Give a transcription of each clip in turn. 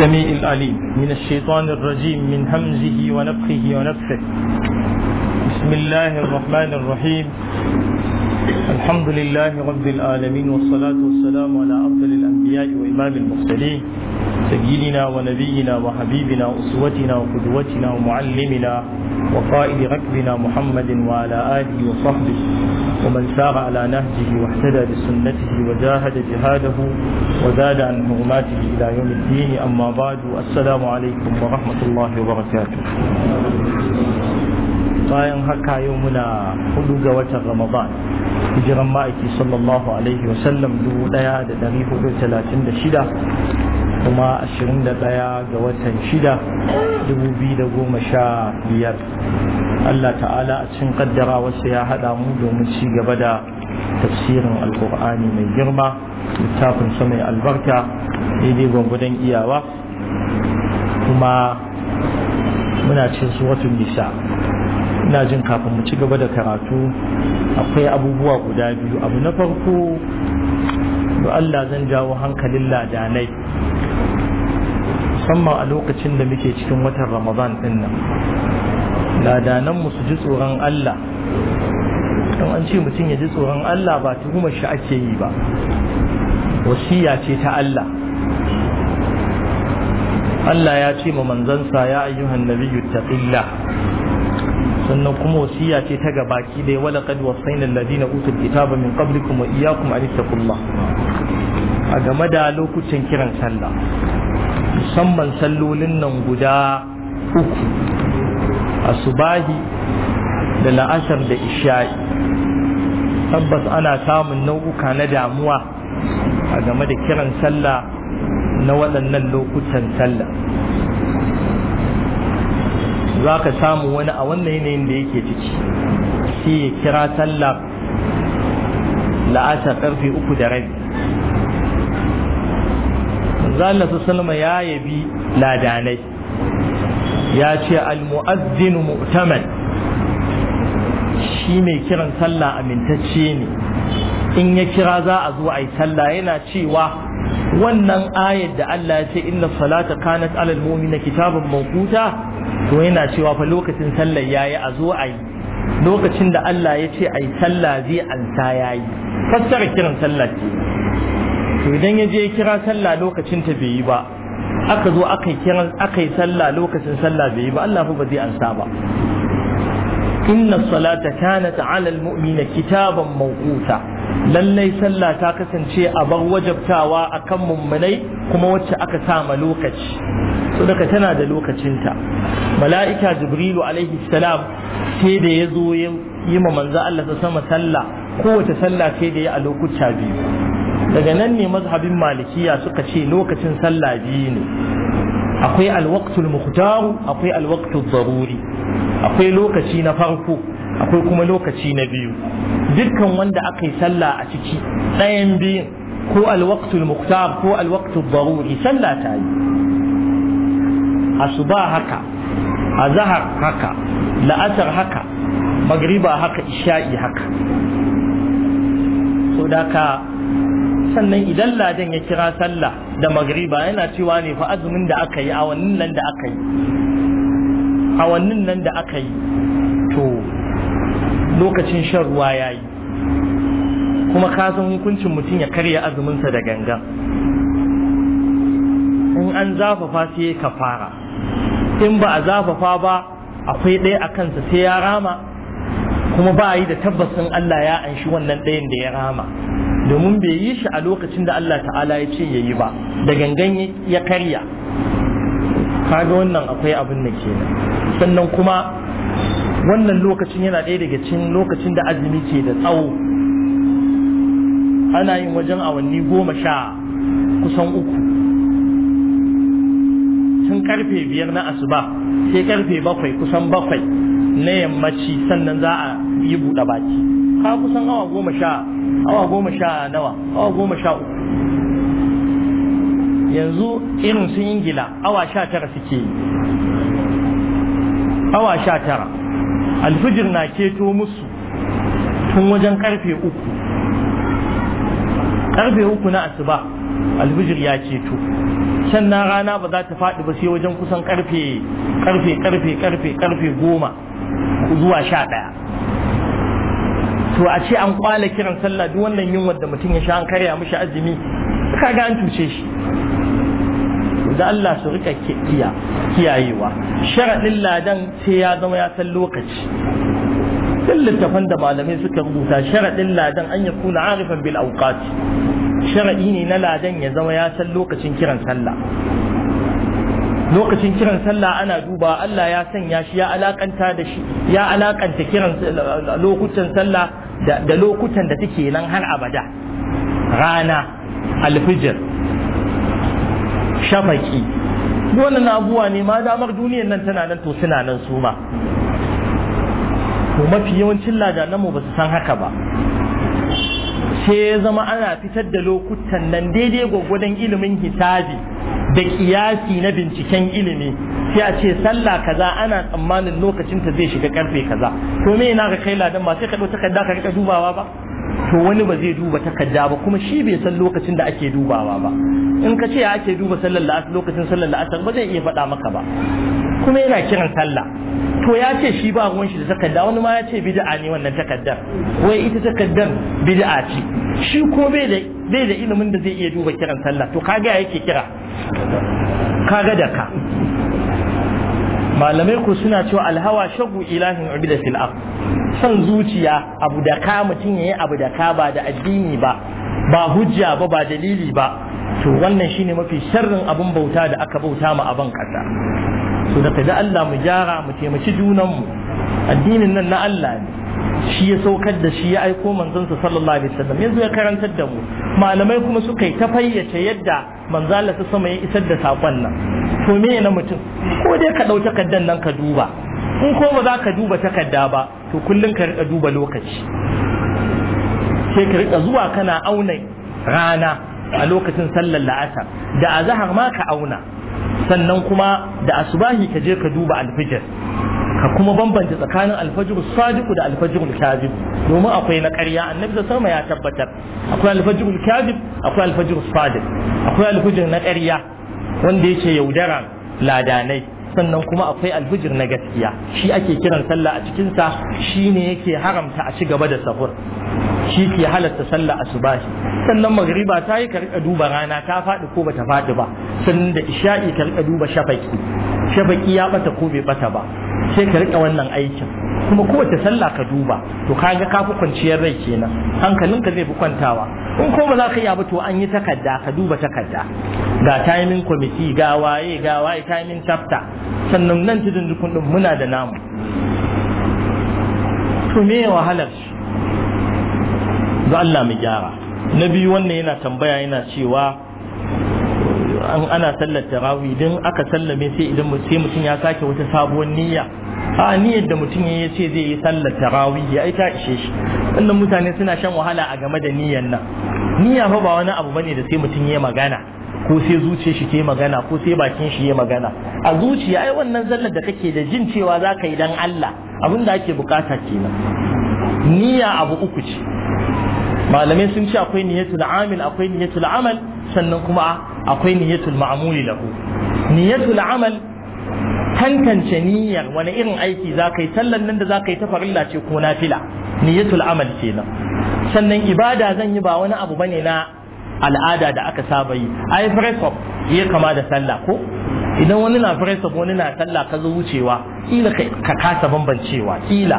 السميع العليم من الشيطان الرجيم من همزه ونفخه ونفخه بسم الله الرحمن الرحيم الحمد لله رب العالمين والصلاة والسلام على أفضل الأنبياء وإمام المرسلين سيدنا ونبينا وحبيبنا أسوتنا وقدوتنا ومعلمنا وقائد ركبنا محمد وعلى آله وصحبه ومن سار على نهجه واهتدى بسنته وجاهد جهاده وزاد عن حرماته إلى يوم الدين أما بعد السلام عليكم ورحمة الله وبركاته bayan haka yau muna hudu ga watan ramadan hijiran ma'aiki sallallahu alaihi wasallam dubu daya da dari hudu talatin da shida kuma 21 ga watan 6 biyar, Allah ta'ala a cin kaddara wasu ya haɗa mu domin ci gaba da tafsirin alkur'ani mai girma littafin sa mai albarka daidai gwangwadon iyawa kuma muna cin su suratun nisa ina jin kafin mu ci gaba da karatu akwai abubuwa guda biyu abu na farko to Allah zan jawo hankalin ladanai musamman a lokacin da muke cikin watan ramadan din nan mu su ji tsoron Allah don an ce mutum ya ji tsoron Allah ba tuhumar shi ake yi ba wasiya ce ta Allah Allah ya ce ma manzansa ya ayyuhan nabiyyu taqillah sannan kuma wasiya ce ta gabaki dai wala qad wasayna alladhina utul kitaba min qablikum wa iyyakum an ittaqullah a game da lokutan kiran sallah musamman sallolin nan guda uku asubahi da la'asar da isha'i tabbas ana samun nau'uka na damuwa a game da kiran sallah na waɗannan lokutan sallah za ka samu wani a wannan yanayin da yake ciki shi ya kira sallah la'asar karfe uku da rabi zalla su salma ya yabi ladanai ya ce al-mu'azzinu shi mai kiran sallah amintacce ne in ya kira za a zo a yi sallah yana cewa wannan ayar da Allah ya ce inna salata kanat alal mu'mina kitabun mawquta to yana cewa fa lokacin sallar yayi a zo a yi lokacin da Allah ya ce a yi sallah zai ansa yayi fassara kiran sallah ce to idan ya je kira sallah lokacin ta bai yi ba aka zo aka yi kiran aka yi sallah lokacin sallah bai yi ba Allah fa ba zai ansa ba inna salata kanat ala almu'mina kitaban mawquta lallai sallah ta kasance a bar wajabtawa a kan mummunai kuma wacce aka sama lokaci Su daga tana da lokacinta mala'ika jibrilu alaihi salam sai da ya zo yi ma manzo Allah ta sama sallah kowace sallah sai da ya a lokuta biyu daga nan ne mazhabin malikiya suka ce lokacin sallah biyu ne akwai alwaqtul muhtaru akwai alwaqtul zaruri akwai lokaci na farko akwai kuma lokaci na biyu dukkan wanda aka yi sallah a ciki ɗayan biyun ko alwaktul muktar ko alwaktul daruri sallah ta yi asuba haka azahar haka la'asar haka magriba haka isha'i haka so da sannan idan ladan ya kira sallah da magriba yana cewa ne fa azumin da aka yi awannin nan da aka yi awannin nan da aka yi to lokacin shan ruwa ya yi kuma kasan hukuncin mutum ya karya azuminsa da gangan in an zafafa sai ka fara in ba a zafafa ba akwai ɗaya a kansa sai ya rama kuma ba yi da tabbasin Allah ya anshi wannan ɗayan da ya rama domin bai yi shi a lokacin da Allah ta'ala ya ce ya yi ba da gangan ya karya kaga wannan akwai abin da ke sannan kuma wannan lokacin yana ɗaya daga cikin lokacin da azumi ke da tsawo ana yin wajen awanni goma sha kusan uku tun karfe biyar na asuba sai karfe bakwai kusan bakwai na yammaci sannan za a yi buɗe baki ka kusan awa goma sha awa goma sha nawa awa goma sha uku yanzu irin sun ingila awa sha tara suke yi awa sha tara alfijir na keto musu tun wajen karfe uku karfe uku na asuba alfijir ya keto sannan rana ba za ta faɗi ba sai wajen kusan karfe karfe karfe karfe karfe goma zuwa sha ɗaya to a ce an kwala kiran sallah duk wannan yunwar da mutum ya sha an karya mishi azumi ga an tuce shi da Allah su rika kiyayewa sharaɗin ladan sai ya zama ya san lokaci duk littafan da malamai suka rubuta sharaɗin ladan an ya kuna arifan bil auqati sharaɗi ne na ladan ya zama ya san lokacin kiran sallah lokacin kiran sallah ana duba Allah ya sanya shi ya alakanta da shi ya alakanta kiran lokutan sallah da lokutan da take nan har abada rana alfijir shafaki wannan abubuwa ne ma damar duniyar nan tana nan to suna nan su ma to mafi yawancin ladanan mu ba su san haka ba sai ya zama ana fitar da lokutan nan daidai gwagwadon ilimin hisabi da kiyasi na binciken ilimi sai a ce sallah kaza ana tsammanin lokacin ta zai shiga karfe kaza to me yana ga kai ladan ba sai ka ɗau takarda ka rika dubawa ba to wani ba zai duba takarda ba kuma shi bai san lokacin da ake dubawa ba in ka ce ake duba sallar la'asar lokacin sallar la'asar ba zai iya faɗa maka ba kuma yana kiran sallah to ya ce shi ba ruwan shi da takarda wani ma ya ce bid'a ne wannan takardar wai ita takardar bid'a ce shi ko bai da ilimin da zai iya duba kiran sallah to kaga yake kira kaga da ka malamai ku suna cewa alhawa shagu ilahin ubida fil ard zuciya abu da ka mutum yi abu da ka ba da addini ba ba hujja ba ba dalili ba to wannan shine mafi sharrin abun bauta da aka bauta a ban kasa so da Allah mu gyara mu taimaki junanmu mu addinin nan na Allah ne shi ya saukar da shi ya aiko manzansa sallallahu alaihi wasallam yanzu ya karantar da mu malamai kuma suka yi ta fayyace yadda Manzala ta sama ya isar da sakon nan to me na mutum ko dai ka dauki kaddan nan ka duba in ko ba za ka duba takarda ba to kullum ka rika duba lokaci sai ka rika zuwa kana auna rana a lokacin sallar la'asar da azahar ma ka auna sannan kuma da asubahi ka je ka duba alfijir ka kuma bambanta tsakanin alfajr sadiq da alfajr kadhib domin akwai na ƙarya annabi da sama ya tabbatar akwai alfajr kadhib akwai alfajr sadiq akwai alfajr na ƙarya wanda yake yaudara ladanai sannan kuma akwai alfijir na gaskiya shi ake kiran sallah a cikinsa shi ne yake haramta a ci gaba da sahur shi ke halatta sallah asubahi sannan magriba ta yi karka duba rana ta faɗi ko bata faɗi ba sannan da isha'i karka duba shafaki shafaki ya bata ko bai bata ba sai ka rika wannan aikin kuma kowace sallah ka duba to kaga ka fi kwanciyar rai kenan hankalinka zai fi kwantawa in ko ba za ka iya ba to an yi takarda ka duba takarda ga timing committee ga waye ga waye timing chapter sannan nan tudun dukun din muna da namu to me wahalar shi Allah mu gyara na biyu wannan yana tambaya yana cewa an ana sallar tarawih idan aka sallame sai idan sai mutum ya sake wata sabuwar niyya a niyyar da mutum ya ce zai yi sallar tarawih ya ita ishe shi wannan mutane suna shan wahala a game da niyyar nan niyya fa ba wani abu bane da sai mutum ya magana ko sai zuciya shi ke magana ko sai bakin shi ya magana a zuciya ai wannan zallar da kake da jin cewa zaka yi dan Allah abin da ake bukata kenan niyya abu uku ce malamai sun ce akwai niyyatul amil akwai niyyatul amal sannan kuma akwai niyyatul ma'amuli lahu niyyatul amal tantance niyyar wani irin aiki za ka yi sallan nan da za ka yi ta farilla ce ko nafila niyyatul amal kenan sannan ibada zan yi ba wani abu bane na al'ada da aka saba yi yi fresop ya kama da sallah ko idan wani na fresop wani na sallah ka zo wucewa kila ka kasa bambancewa kila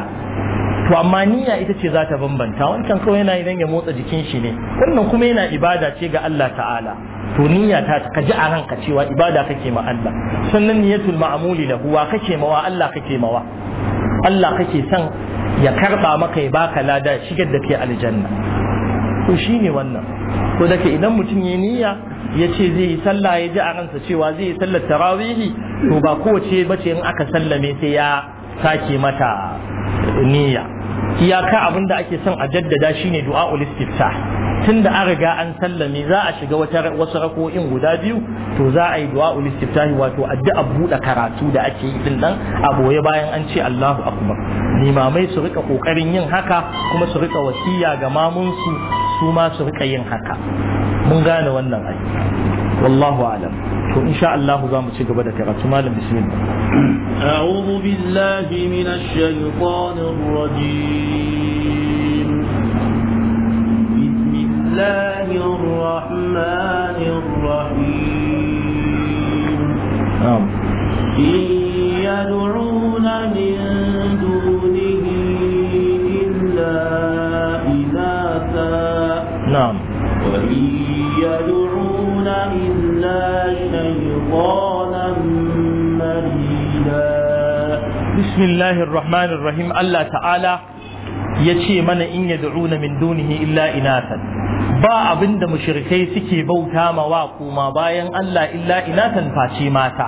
to amma niyya ita ce za ta bambanta wancan kawai yana idan ya motsa jikin shi ne wannan kuma yana ibada ce ga Allah ta'ala to niyya ta ka ji a ranka cewa ibada kake ma Allah sannan niyyatul ma'amuli da huwa kake ma wa Allah kake ma wa Allah kake son ya karba maka ya baka lada shigar da kai aljanna to shine wannan ko da idan mutum ya niyya ya ce zai yi sallah ya ji a ransa cewa zai yi sallar tarawihi to ba kowace bace in aka sallame sai ya sake mata niyya iyaka abin da ake son a jaddada shine du'a du'a'ul istiftah tunda an riga an sallame za a shiga wata wasu rako'in guda biyu to za a yi du'a'ul istiftah wato addu'a buɗe karatu da ake yi din nan a boye bayan an ce Allahu akbar limamai su rika kokarin yin haka kuma su rika wasiya ga mamun su su ma su rika yin haka mun gane wannan aiki. والله أعلم إن شاء الله زام بدك غتمال بسم الله أعوذ بالله من الشيطان الرجيم بسم الله الرحمن الرحيم نعم إن يدعون من دونه إلا سلطانا مريدا بسم الله الرحمن الرحيم الله تعالى yace mana in yad'una min dunihi illa inatan ba abinda mushrikai suke bauta ma wa kuma bayan Allah illa inatan face mata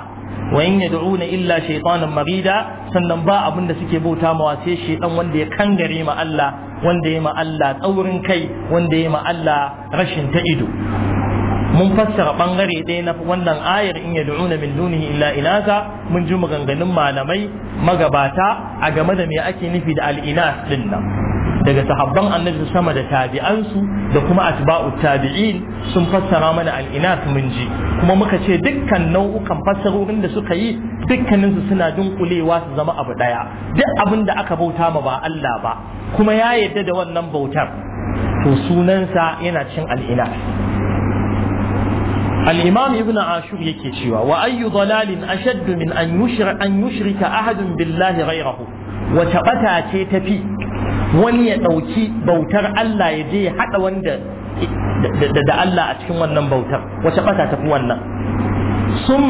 wa in na illa shaytanan marida sannan ba abinda suke bauta ma sai shaydan wanda ya kangare ma Allah wanda ya ma Allah tsaurin kai wanda ya ma Allah rashin ta ido mun fassara bangare ɗaya na wannan ayar in ya du'una min dunihi illa ilaka mun ji maganganun malamai magabata a game da me ake nufi da al'inas din nan daga sahabban annabi sama da tabi'ansu da kuma atba'u tabi'in sun fassara mana al'inas mun ji kuma muka ce dukkan nau'ukan fassarorin da suka yi dukkaninsu suna dunkulewa su zama abu daya duk abin da aka bauta ma ba Allah ba kuma ya yarda da wannan bautar to sunansa yana cin al'inas al-imam ibn ashur yake cewa wa ayyu dalalin ashaddu min an yushra an yushrika ahadun billahi rairahu. wata bata ce tafi wani ya dauki bautar Allah ya je ya hada wanda da Allah a cikin wannan bautar wata bata wannan an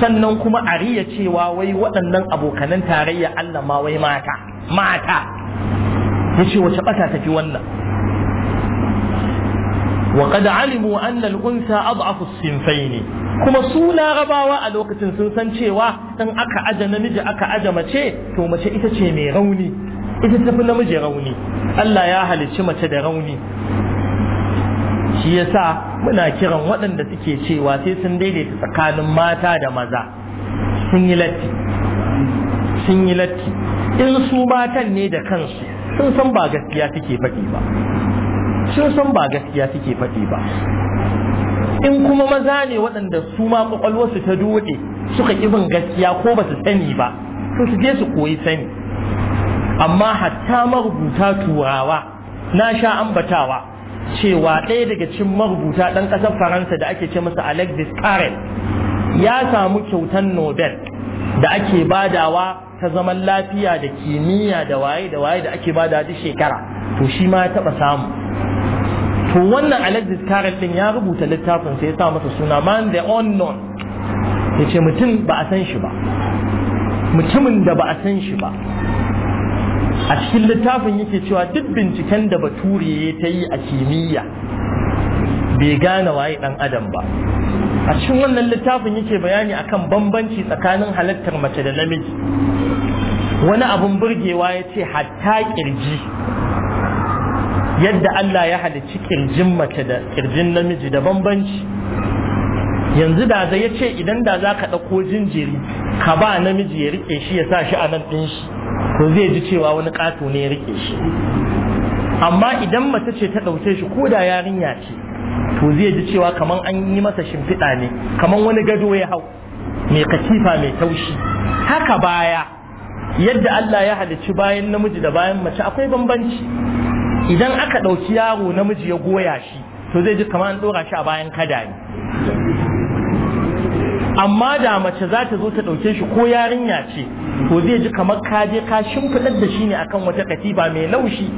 sannan kuma a riya cewa wai waɗannan abokanan tarayya Allah ma wai mata mata ce wace bata tafi wannan وقد علموا أن الأنثى أضعف ne. kuma su larabawa a lokacin sun san cewa in aka aja namiji aka aja mace to mace ita ce mai rauni ita tafi namiji rauni Allah ya halicci mace da rauni shi yasa muna kiran waɗanda suke cewa sai sun daidaita tsakanin mata da maza sun yi latti in su matan ne da kansu sun san ba gaskiya suke faɗi ba sun san ba gaskiya suke faɗi ba in kuma maza ne waɗanda su ma su ta dode suka ƙi bin gaskiya ko ba su sani ba to su je su koyi sani amma hatta marubuta turawa na sha ambatawa cewa ɗaya daga cikin marubuta ɗan ƙasar faransa da ake ce masa alexis carrel ya samu kyautan nobel da ake badawa ta zaman lafiya da kimiyya da waye da waye da ake bada duk shekara to shi ma ya taɓa samu to wannan alexis carrel ya rubuta littafin sai ya sa masa suna man the unknown ya ce mutum ba a san shi ba mutumin da ba a san shi ba a cikin littafin yake cewa duk binciken da bature ya ta yi a kimiyya bai gane waye dan adam ba a cikin wannan littafin yake bayani akan bambanci tsakanin halattar mace da namiji wani abun burgewa ya ce hatta kirji yadda Allah ya halicci kirjin mace da kirjin namiji da bambanci yanzu da zai yace idan da za ka ɗauko jinjiri ka ba namiji ya rike shi ya sa shi a nan ɗin shi ko zai ji cewa wani ƙato ne ya rike shi amma idan mace ce ta ɗauke shi ko da yarinya ce to zai ji cewa kaman an yi masa shimfiɗa ne kaman wani gado ya hau mai katifa mai taushi haka baya yadda Allah ya halicci bayan namiji da bayan mace akwai bambanci idan aka ɗauki yaro namiji ya goya shi to zai ji kamar ɗora shi a bayan kada ne amma da mace za ta zo ta ɗauke shi ko yarinya ce to zai ji kamar ka je ka shimfiɗar da shi ne akan wata katiba mai laushi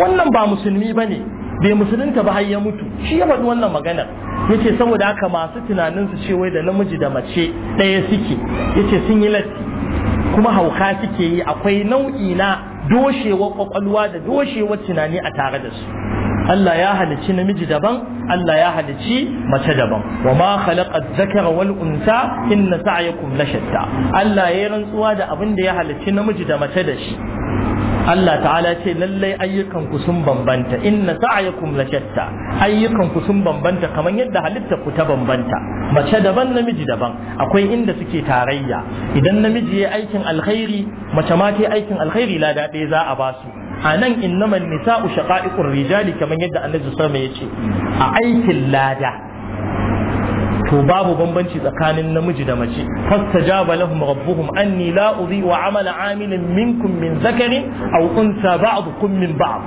wannan ba musulmi ba ne bai musulunta ba har ya mutu shi ya faɗi wannan maganar Ya ce saboda haka masu tunanin su ce wai da namiji da mace ɗaya suke Ya ce sun yi latti kuma hauka suke yi akwai nau'i na doshewar kwakwalwa da doshewar tunani a tare da su Allah ya halicci namiji daban Allah ya halici mace daban wa ma khalaqa dhakara wal unsa inna sa'yakum la shatta Allah ya rantsuwa da abin da ya halici namiji da mace da shi Allah ta'ala ce lallai ayyukanku sun bambanta inna sa'ayakum la shatta ayyukanku sun bambanta kamar yadda halitta ku ta bambanta mace daban namiji daban akwai inda suke tarayya idan namiji ya aikin alkhairi mace ma ta aikin alkhairi la daɗe za a su a nan innamal nisa'u shaqa'iqur rijali kamar yadda annabi sallallahu alaihi wasallam ya ce a aikin lada to babu bambanci tsakanin namiji da mace fastajaba lahum rabbuhum anni la udhi'u amala amilin minkum min zakarin aw unsa ba'dukum min ba'd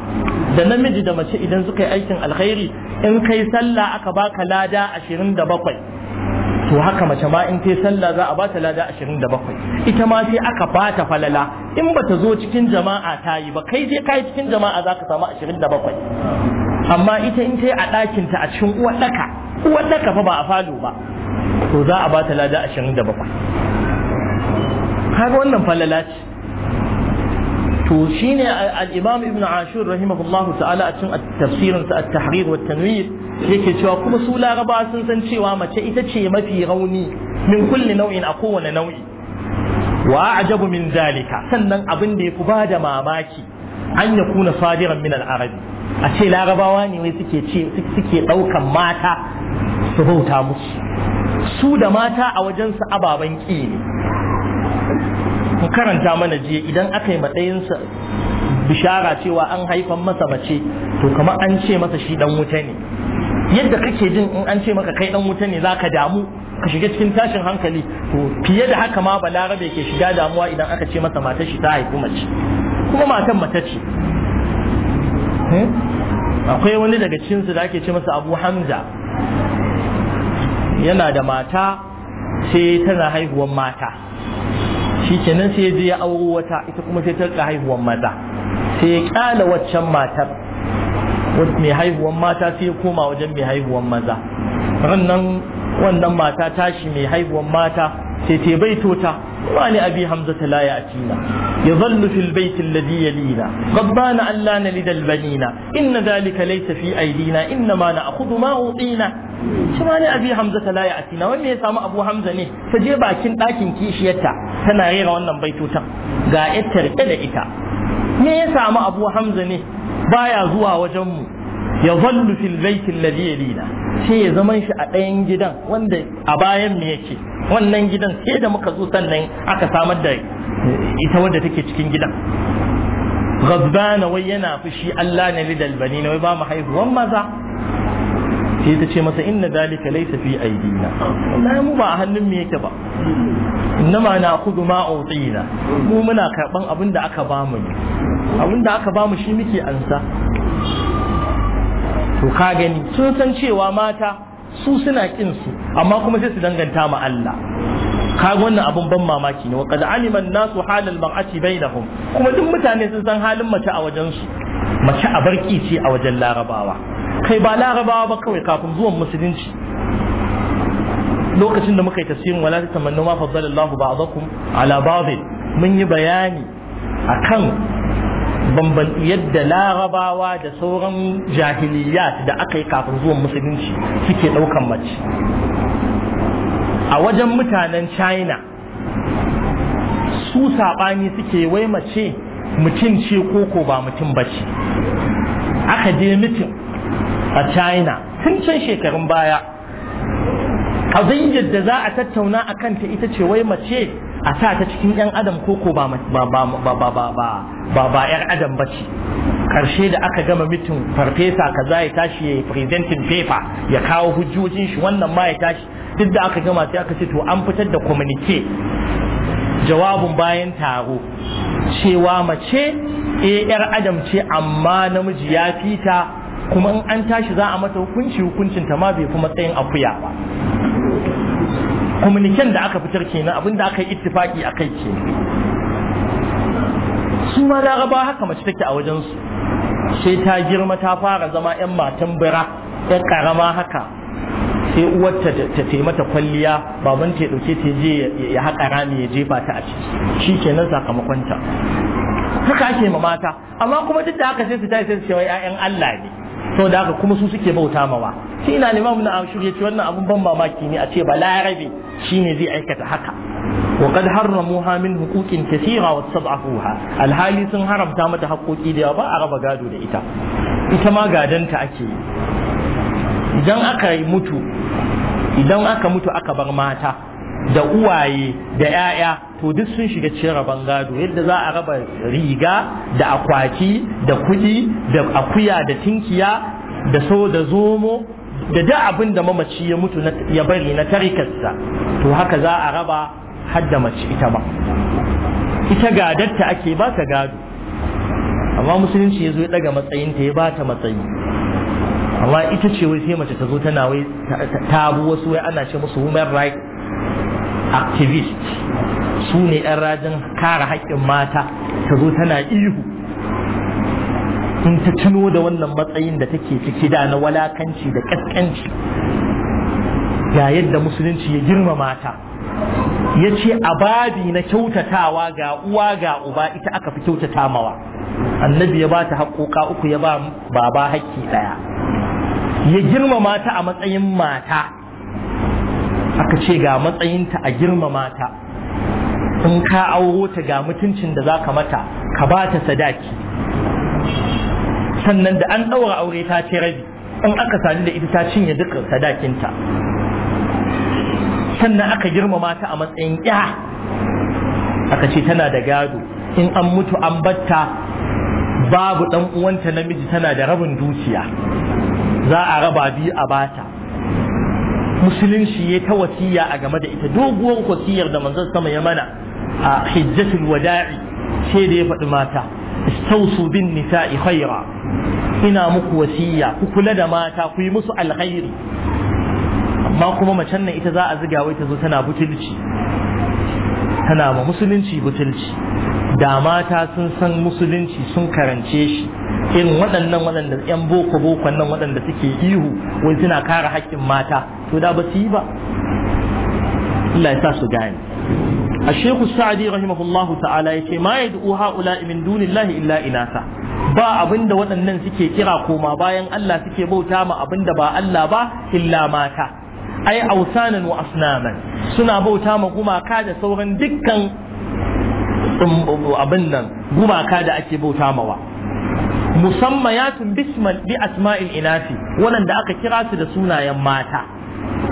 da namiji da mace idan suka yi aikin alkhairi in kai sallah aka baka lada 27 to haka mace ma in tai sallah za a ba ta lada 27 ita ma sai aka ba ta falala in ba ta zo cikin jama'a ta yi ba kai je kai cikin jama'a za ka samu 27 amma ita in tai a ɗakinta a cikin uwarɗaka uwar kafa ba a falo ba to za a bata lada ashirin da bakwai Har wannan falala ce to shine al-imam ibn ashur rahimahullahu ta'ala a cikin tafsirin sa at-tahrir wa tanwir yake cewa kuma su laraba sun san cewa mace ita ce mafi rauni min kulli nau'in a kowane nau'i wa ajabu min zalika sannan abin da yafi da mamaki an yakuna sadiran min al-arabi a ce larabawa ne wai suke ce suke daukan mata su bauta musu su da mata a wajen su ababen ƙi ne ku karanta mana jiya idan aka yi matsayinsa bishara cewa an haifan masa mace to kamar an ce masa shi dan wuta ne yadda kake jin in an ce maka kai dan wuta ne zaka damu ka shiga cikin tashin hankali to fiye da haka ma balarabe ke shiga damuwa idan aka ce masa matar shi ta haifi mace kuma matan mata ce hmm? akwai wani daga cikinsu da ake ce masa Abu Hamza yana da mata sai tana haihuwan mata shi kenan sai zai ya auro wata ita kuma sai ta haihuwan maza sai ya kyala waccan matar mai haihuwan mata sai ya koma wajen mai haihuwan maza rannan wannan mata tashi mai haihuwan mata sai ce baitota wani abi hamzata la ya'tina yadhallu fil bayt alladhi yalina rabbana alla nalida albanina inna dhalika laysa fi aydina inna ma na'khudhu ma utina shi wani abi hamzata la ya'tina wanne ya samu abu hamza ne ta je bakin dakin kishiyarta tana rera wannan baitotan ga yatta da ita me ya samu abu hamza ne baya zuwa wajen mu ya zallu fil baiti alladhi yalina ya zaman shi a ɗayan gidan wanda a bayan me yake wannan gidan sai da muka zo sannan aka samar da ita wanda take cikin gidan ghadbana wai yana fushi Allah ne lidal banina wai ba mu haihuwan maza sai ta ce masa inna dalika laysa fi aidina wallahi mu ba a hannun mu yake ba innama na kudu ma utina mu muna karban abin da aka bamu shi muke ansa to ka gani sun san cewa mata su suna kin su amma kuma sai su danganta ma Allah kaga wannan abun ban mamaki ne wa qad alima an-nasu halal mar'ati bainahum kuma duk mutane sun san halin mace a wajen su mace a barki ce a wajen larabawa kai ba larabawa ba kawai kafin zuwan musulunci lokacin da muka yi tasirin wala ta tamannu ma faddala Allah ba'dakum ala ba'd mun yi bayani akan bamban yadda larabawa da sauran jahiliya da aka yi kafin zuwan musulunci suke ɗaukan mace a wajen mutanen china su saɓani suke wai mace mutum ce koko ba mutum ba ce aka je a china tun can shekarun baya a da za a tattauna a kanta ita ce wai mace a sa ta cikin yan adam ko ko ba ba ba ba ba ba adam bace karshe da aka gama mitin farfesa kaza ya tashi ya yi presenting paper ya kawo hujjojin shi wannan ma ya tashi duk da aka gama sai aka ce to an fitar da communique jawabin bayan taro cewa mace e eh, yar adam ce amma namiji ya fita kuma in an tashi za a mata hukunci hukuncin ta ma bai fi matsayin akuya ba kwamniken da aka fitar kenan abinda aka yi ittifaki a kai ke su ma laraba haka mace take a wajensu sai ta girma ta fara zama 'yan matan bira 'yan karama haka sai uwarta ta taimata kwalliya baban ta dauke ta je ya haƙa rami ya jefa ta a ciki shi kenan sakamakonta haka ake ma mata amma kuma duk da haka sai su yi, sai su ce wai 'ya'yan Allah ne Sau da haka kuma su suke bauta mawa shi ina limam na a shirya ce wannan abin ban mamaki ne a ce ba. shi ne zai aikata haka wa qad ha min huquqin kathira wa sab'ahuha alhali sun haramta mata haƙoƙi da ba a raba gado da ita ita ma gadanta ake yi idan aka mutu idan aka mutu aka bar mata da uwaye da 'ya'ya to duk sun shiga cikin gado yadda za a raba riga da akwati da kuɗi da akuya da tinkiya da so da zomo da duk abin da mamaci ya mutu ya bari na tarikarsa to haka za a raba har da mace ita ba ita gadarta ake ba ta gado amma musulunci ya zo ya daga matsayinta ya ba ta matsayi amma ita ce wai sai mace ta zo tana wai ta wasu wai ana ce musu women right activist su ne 'yan rajin kare haƙƙin mata ta zo tana ihu in ta tuno da wannan matsayin da take ciki da na walakanci da ƙasƙanci ga yadda musulunci ya girma mata ya ce a babi na kyautatawa ga uwa ga uba ita aka fi kyautata mawa annabi ya ba ta haƙoƙa uku ya ba baba haƙƙi ɗaya ya girma mata a matsayin mata aka ce ga matsayinta a girmama ta in ka auro ta ga mutuncin da za ka mata ka ba ta sadaki sannan da an ɗaura aure ta ce rabi in aka sadu da ita ta cinye dukkan sadakinta sannan aka girmama ta a matsayin ya aka ce tana da gado in an mutu an batta babu ɗan uwanta namiji tana da rabin dukiya za a raba biyu a bata musulunci ya ta wasiya a game da ita doguwar wasiyar da manzon sama ya mana a hijjatul wada'i sai da ya faɗi mata istausu bin nisa'i khaira ina muku wasiya ku kula da mata ku yi musu alkhairi amma kuma macen nan ita za a ziga wai ta zo tana butulci tana ma musulunci butulci da mata sun san musulunci sun karance shi irin waɗannan waɗanda 'yan boko boko nan waɗanda suke ihu wani suna kare haƙƙin mata to da ba su yi ba Allah ya sa su gane الشيخ السعدي رحمه الله تعالى يقول ما يدعو هؤلاء من دون الله إلا إناثا ba abinda waɗannan suke kira koma bayan Allah suke bauta ma abinda ba Allah ba illa mata ai ausanan wa asnaman suna bauta ma gumaka da sauran dukkan abin nan gumaka da ake bauta mawa musammayatun bisman bi asma'il inafi da aka kira su da sunayen mata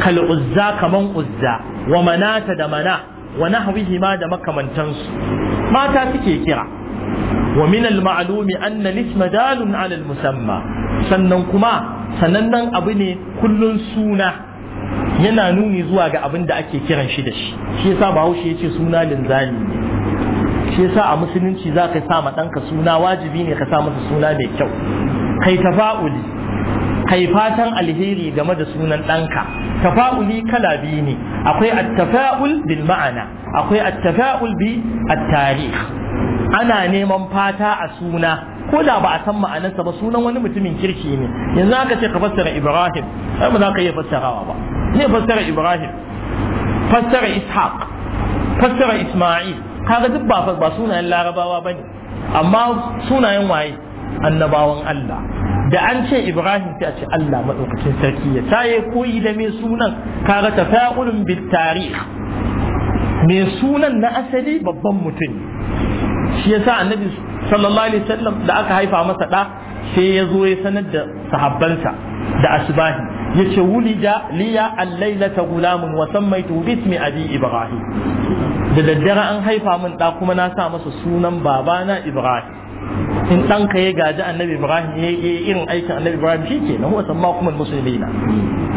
kal uzza kaman uzza wa manata da mana wa nahwihi ma da makamantansu mata suke kira wa min al ma'lumi anna al ism dalun ala al musamma sannan kuma sanannen abu ne kullun suna yana nuni zuwa ga abin da ake kiran shi da shi shi yasa bahaushe ya ce suna linzami ne shi yasa a musulunci za ka sa ɗanka suna wajibi ne ka sa masa suna mai kyau kai tafa'uli kai fatan alheri game da sunan ɗanka tafa'uli kala biyu ne akwai attafa'ul bil ma'ana akwai attafa'ul bi at-tarikh ana neman fata a suna ko da ba a san ma'anarsa ba sunan wani mutumin kirki ne yanzu aka ce ka fassara Ibrahim ai ba za ka iya fassarawa ba zai fassara Ibrahim fassara Ishaq fassara Isma'il kaga duk ba ba sunayen larabawa ne, amma sunayen waye annabawan Allah da an ce Ibrahim sai a ce Allah madaukakin sarki ya taye koyi da mai sunan kaga tafa'ulun bil tarikh mai sunan na asali babban mutum shi yasa annabi sallallahu alaihi wasallam da aka haifa masa da sai ya zo ya sanar da sahabbansa da asbahi yace wulida liya al-lailata gulamun wa sammaytu bismi abi ibrahim da daddare an haifa min ɗa kuma na sa masa sunan babana ibrahim in ɗanka ya gaji annabi ibrahim ya yi irin aikin annabi ibrahim shi ke na huwa samma kuma musulmi na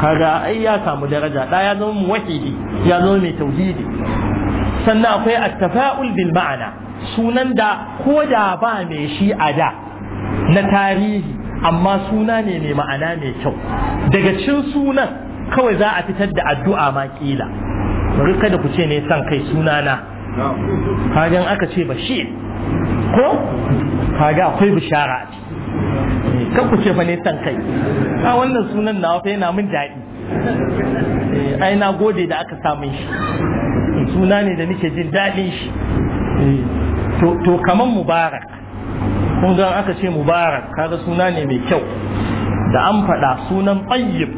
kaga ai ya samu daraja ɗa ya zama wahidi ya zama mai tauhidi sannan akwai attafa'ul bil ma'ana sunan da ko da ba mai shi a da na tarihi amma suna ne mai ma'ana mai kyau daga cin sunan kawai za a fitar da addu'a ma kila bari kada ku ce ne san kai sunana kagan aka ce bashir ko kaga akwai bishara eh, kan ku ce fa ne san kai a ah, wannan sunan na wata yana min daɗi eh, ai na gode da aka samun shi suna ne da nake jin daɗin shi eh, to kamar mubarak kun ga aka ce mubarak kaga suna ne mai kyau da an faɗa sunan ɓayyib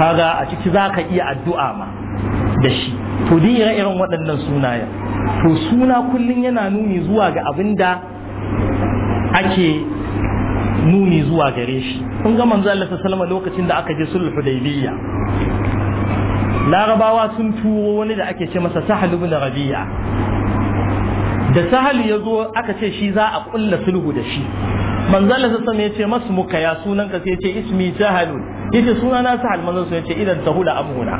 kaga a ciki za ka iya addu'a ma da shi to duk irin waɗannan sunayen to suna kullum yana nuni zuwa ga abin da ake nuni zuwa gare shi kun ga manzo Allah lokacin da aka je sulh hudaybiyya larabawa sun turo wani da ake ce masa sahal ibn rabi'a da sahal ya zo aka ce shi za a kulla sulhu da shi manzala sassan ya ce masu muka ya sunan ka sai ce ismi sahalun ya ce suna na sahal manzon su ya ce idan tahula amuna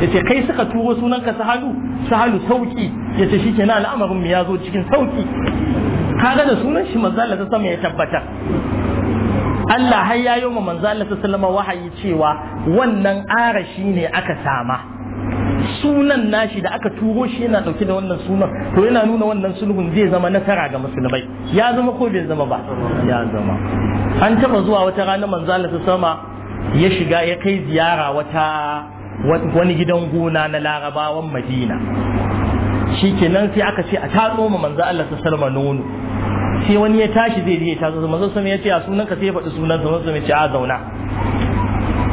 ya ce kai suka turo sunan ka sahalu sahalu sauki ya ce shi na al'amarin mu ya zo cikin sauki kaga da sunan shi manzala sassan ya tabbatar Allah har ya yi wa manzala sassan wahayi cewa wannan arashi ne aka sama sunan nashi da aka turo shi yana dauke da wannan sunan to yana nuna wannan sulhun zai zama nasara ga musulmai ya zama ko bai zama ba ya zama an taba zuwa wata rana manzo Allah sama ya shiga ya kai ziyara wata wani gidan gona na larabawan madina shikenan sai aka ce a tatso ma manzo Allah sallama nono sai wani ya tashi zai je ya tatso manzo sama ya ce a sunanka sai ya faɗi sunan sa manzo ya ce a zauna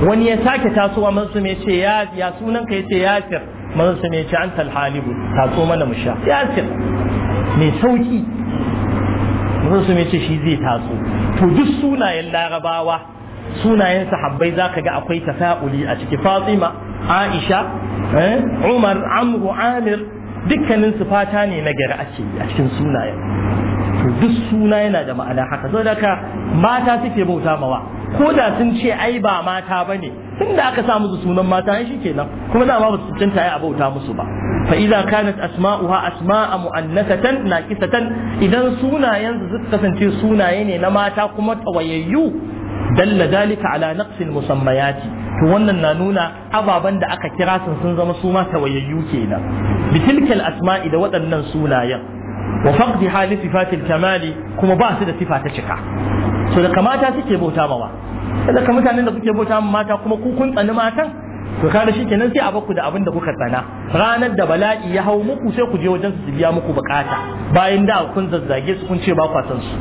wani ya sake tasowa masu mai ce ya ya ka yace yasir masu mai ce antal ta taso mana mu sha yasir mai sauki masu mai ce shi zai taso to duk sunayen larabawa sunayen sahabbai zaka ga akwai tafa'uli a ciki Fatima Aisha eh, Umar Amru Amir dukkanin su fata ne na gari ake a cikin sunayen to duk suna yana da ma'ana haka saboda mata suke bauta mawa ko da sun ce ai ba mata ba ne tun da aka sa musu sunan mata ai shi kenan kuma dama ba su cancanta ya abauta musu ba fa idza kanat asma'uha asma'a mu'annasatan nakisatan idan sunayen su kasance sunaye ne na mata kuma tawayayyu dalla dalika ala naqsil musammayati to wannan na nuna ababen da aka kira sun sun zama su ma tawayayyu kenan bitilkal asma'i da waɗannan sunayen wa faqdi hali sifatil kamali kuma ba su da sifa ta cika so da kamata suke bauta mawa kada ka mutanen da kuke bauta ma mata kuma ku kun tsani matan to kada shikenan sai a baku da abin da kuka tsana ranar da bala'i ya hau muku sai ku je wajen su biya muku bukata bayan da kun zazzage su kun ce ba kwa san su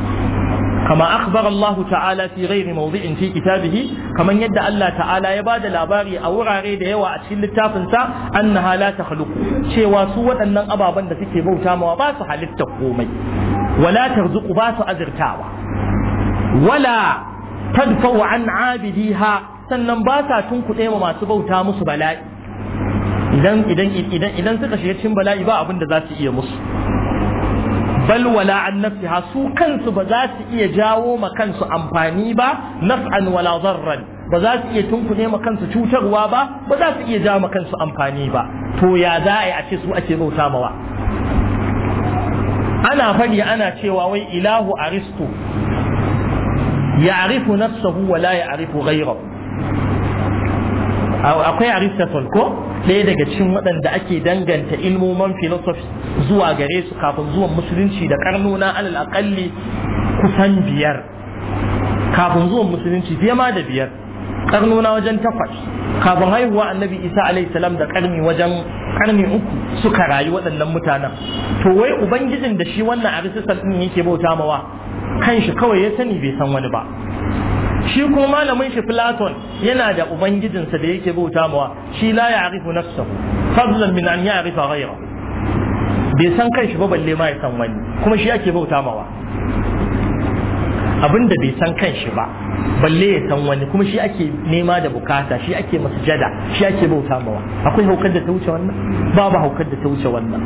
kama akhbar Allah ta'ala fi ghairi mawdi'in fi kitabihi kaman yadda Allah ta'ala ya bada labari a wurare da yawa a cikin littafin sa annaha la takhluqu cewa su waɗannan ababen da suke bauta mawa ba su halitta komai wala tarzuqu ba su azirtawa wala tadfa'u an abidiha sannan ba sa tunkuɗe ma masu bauta musu bala'i idan idan idan idan suka shiga cikin bala'i ba abin da za su iya musu bal wala an nafsiha su kansu ba za su iya jawo ma kansu amfani ba naf'an wala darran ba za su iya tunkuɗe ma kansu cutarwa ba ba za su iya jawo ma kansu amfani ba to ya za a yi a ce su ake bauta mawa ana faɗi ana cewa wai ilahu aristo يعرف نفسه ولا يعرف غيره akwai aristotle ko ɗaya daga cikin waɗanda ake danganta ilmoman philosophy zuwa gare su kafin zuwan musulunci da karnuna alal aƙalli kusan biyar kafin zuwan musulunci fiye ma da biyar karnuna wajen takwas kafin haihuwa annabi isa alaihi salam da karni wajen karni uku suka rayu waɗannan mutanen to wai ubangijin da shi wannan aristotle ɗin yake bauta mawa kanshi kawai ya sani bai san wani ba shi kuma malamin shi Platon yana da ubangijinsa da yake bauta mawa shi la ya'rifu nafsahu fadlan min an ya'rifa ghayra bai san kanshi ba balle ma ya san wani kuma shi ake bauta mawa abinda bai san kanshi ba balle ya san wani kuma shi ake nema da bukata shi ake masjada shi ake bauta mawa akwai haukar da ta wuce wannan babu haukar da ta wuce wannan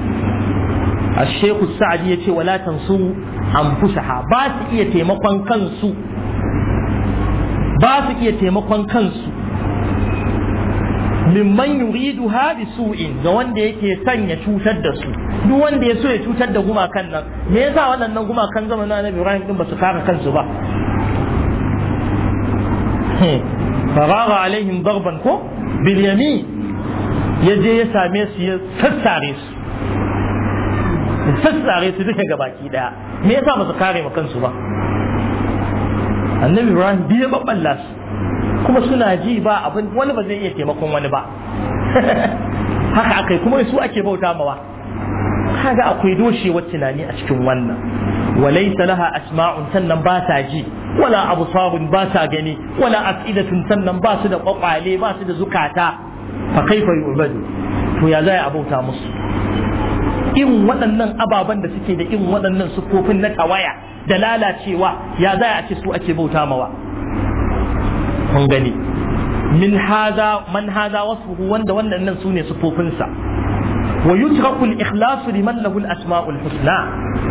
الشيخ su يتي ولا تنصروا أنفسها باس إيه تيمقون كنسو باس إيه تيمقون كنسو mimman yuridu ha su'in ga wanda yake son ya cutar da su duk wanda ya so ya cutar da gumakan nan me yasa waɗannan gumakan zamanin annabi Ibrahim din ba su kare kansu ba hmm. farara alaihim darban ko bil yamin ya je ya same su ya sassare su sassare su duka gabaki daya me yasa ba su kare ma kansu ba annabi ibrahim biya babballa su kuma suna ji ba abin wani ba zai iya taimakon wani ba haka akai kuma su ake bauta mawa kaga akwai doshewar tunani a cikin wannan walaisa laha asma'un sannan ba ta ji wala absarun ba ta gani wala afidatun sannan ba su da kwakwale ba su da zukata fa kaifa yu'badu to ya zai abauta musu in waɗannan ababen da suke da in waɗannan sufofin na tawaya da lalacewa ya za a ce su ake bauta mawa mun gani min haza man haza wasu wanda wannan su ne sufofinsa wa yutraku al-ikhlas liman lahu al-asma'ul husna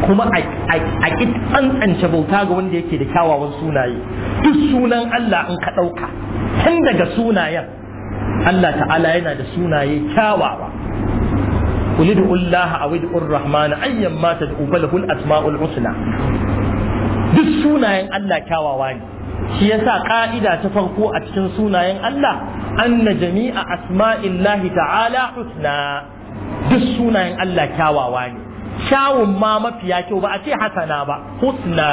kuma a ki tsantsance bauta ga wanda yake da kyawawan sunaye duk sunan Allah in ka dauka tun daga sunayen Allah ta'ala yana da sunaye kyawawa قل ادعوا الله او ادعوا الرحمن ايا ما تدعوا فله الاسماء الحسنى duk sunayen Allah kyawawa ne shi yasa ka'ida ta farko a cikin sunayen Allah anna jami'a asma'illahi ta'ala husna duk sunayen Allah kyawawa ne kyawun ma mafiya kyau ba a ce hasana ba husna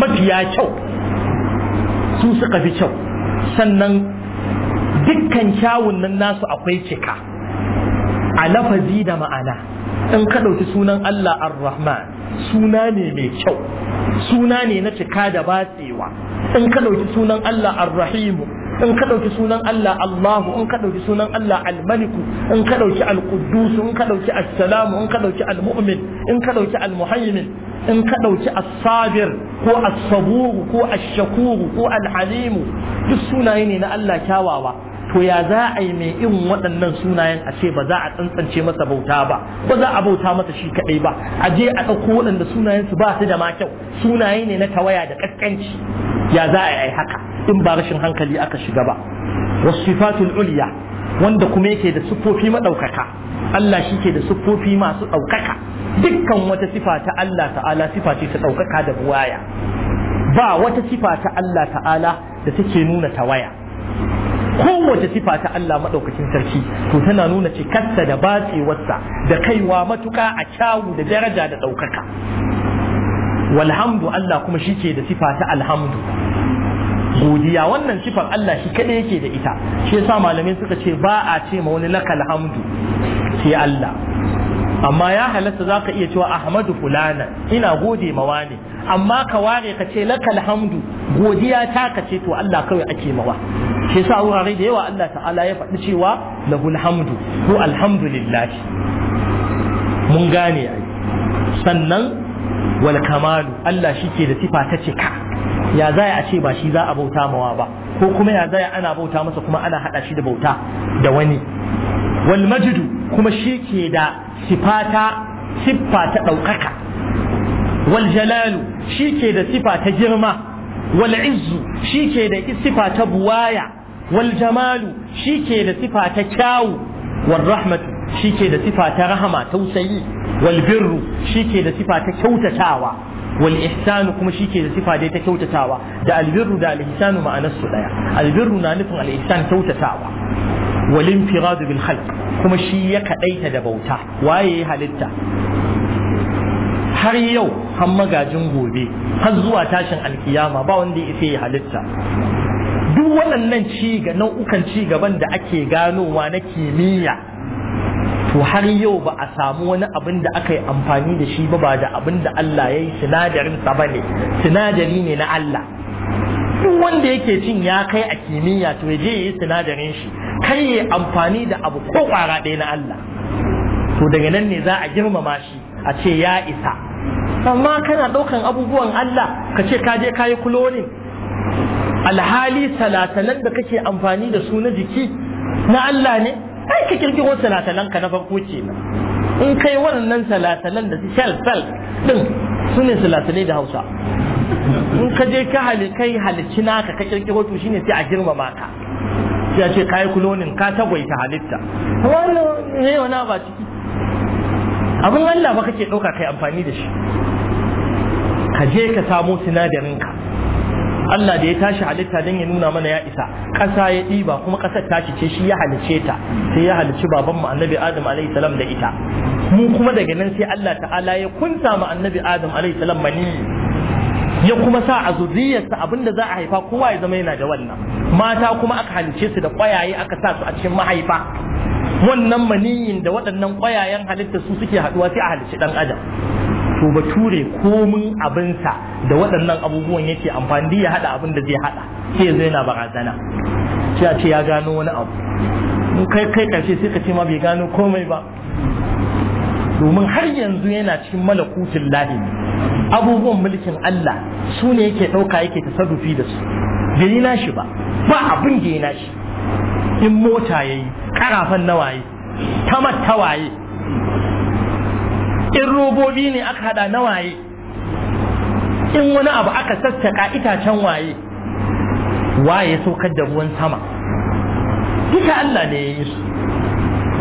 mafiya kyau su suka fi kyau sannan dukkan kyawun nan nasu akwai cika a lafazi da ma'ana in ka ɗauki sunan Allah ar-Rahman suna ne mai kyau suna ne na cika da batsewa in ka ɗauki sunan Allah ar-Rahim in ka ɗauki sunan Allah Allahu in ka ɗauki sunan Allah al-Maliku in ka ɗauki al-Quddus in ka ɗauki as in ka ɗauki al-Mu'min in ka ɗauki al-Muhaymin in ka ɗauki as-Sabir ko as-Sabur ko ash-Shakur ko al-Halim duk sunaye ne na Allah kyawawa to ya za a yi mai irin waɗannan sunayen a ce ba za a tsantsance masa bauta ba ba za a bauta masa shi kaɗai ba a je a ɗauko waɗanda sunayen su ba su da ma kyau sunaye ne na tawaya da ƙasƙanci ya za a yi haka in ba rashin hankali aka shiga ba wasu sifatul uliya wanda kuma yake da siffofi maɗaukaka Allah shi ke da siffofi masu ɗaukaka dukkan wata sifa ta Allah ta'ala sifa ce ta ɗaukaka da buwaya ba wata sifa ta Allah ta'ala da take nuna tawaya kowace sifa ta Allah maɗaukacin sarki to tana nuna cikarsa da batsewarsa da kaiwa matuƙa a kyawu da daraja da ɗaukaka walhamdu Allah kuma shi ke da sifa ta alhamdu godiya wannan sifar Allah shi kaɗai yake da ita shi yasa malamai suka ce ba a ce ma wani laka alhamdu sai Allah amma ya halatta za ka iya cewa ahmadu fulana ina gode mawa ne amma ka ware ka ce laka alhamdu godiya ta ka ce to Allah kawai ake mawa shi yasa wurare da yawa Allah ta'ala ya faɗi cewa lahul hamdu ko alhamdulillah mun gane ai sannan wal kamalu Allah shike da sifa ta cika ya za a ce ba shi za a bauta mawa ba ko kuma ya za ana bauta masa kuma ana hada shi da bauta da wani wal majdu kuma shi ke da sifata siffa ta ɗaukaka wal jalalu shi ke da siffa ta girma wal izzu shi ke da siffa ta buwaya wal jamalu shi ke da siffa ta kyawu wal rahmatu shi ke da siffa ta rahama tausayi wal birru shi ke da siffa ta kyautatawa wal ihsanu kuma shi ke da siffa dai ta kyautatawa da albirru da al ihsanu ma'anar su daya albirru na nufin al ihsan kyautatawa walin firadu bil khalq kuma shi ya kaɗaita da bauta waye ya halitta har yau har magajin gobe har zuwa tashin alkiyama ba wanda ya isa ya halitta duk waɗannan ci ga nau'ukan ci gaban da ake ganowa na kimiyya to har yau ba a samu wani abin da aka yi amfani da shi ba ba da abin da Allah ya yi sinadarin sa ne? sinadari ne na Allah duk wanda yake cin ya kai a kimiyya to yaje je yi sinadarin shi kai ya amfani da abu ko kwara ɗaya na Allah to daga nan ne za a girmama shi a ce ya isa amma kana ɗaukan abubuwan Allah ka ce ka je ka yi kulorin alhali salatalan da kake amfani da su na jiki na Allah ne ai ka kirkiro salatalan ka na farko kenan in kai waɗannan salatalan da su shelf sel din su ne salatalai da Hausa in ka je ka kai halicci naka ka kirkiro to shine sai a girmama ka ya ce kai kulonin ka tagwaita halitta wannan ne wani ba ciki abin Allah ba kake ɗauka kai amfani da shi ka je ka samo sinadarin ka Allah da ya tashi halitta don ya nuna mana ya isa ƙasa ya ɗiba kuma ƙasar ta cice shi ya halice ta sai ya halici baban mu annabi Adam alayhi salam da ita mu kuma daga nan sai Allah ta'ala ya kunta mu annabi Adam alayhi salam mani ya kuma sa a zuriyarsa abinda za a haifa kowa ya zama yana da wannan mata kuma aka halice su da kwayaye aka sa su a cikin mahaifa wannan maniyin da waɗannan kwayayen halitta su suke haɗuwa sai a halice ɗan adam to bature komin abinsa da waɗannan abubuwan yake amfani ya haɗa abin da zai haɗa sai yanzu yana barazana sai a ce ya gano wani abu kai kai karshe sai ka ce ma bai gano komai ba domin har yanzu yana cikin malakutun lahi abubuwan mulkin Allah su ne yake ɗauka yake tasarrufi da su da yi nashi ba ba abin da ya nashi in mota ya yi karafan Ta mata waye. in robobi ne aka hada waye? in wani abu aka sassaka itacen waye waye saukar da ruwan sama duka Allah ne ya yi su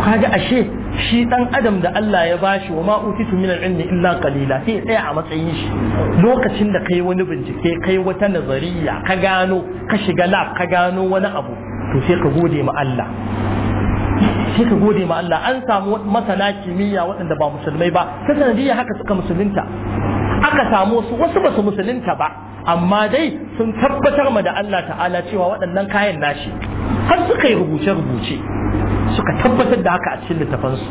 kaga ashe shi dan adam da Allah ya bashi wa ma utitu min al-ilmi illa qalila sai tsaya a matsayin shi lokacin da kai wani bincike kai wata nazariya ka gano ka shiga lab ka gano wani abu to sai ka gode ma Allah sai ka gode ma Allah an samu masana kimiyya waɗanda ba musulmai ba ta sanadiyya haka suka musulunta aka samu su wasu ba su musulunta ba amma dai sun tabbatar ma da Allah ta'ala cewa waɗannan kayan nashi har suka yi rubuce-rubuce suka tabbatar da haka a cikin littafansu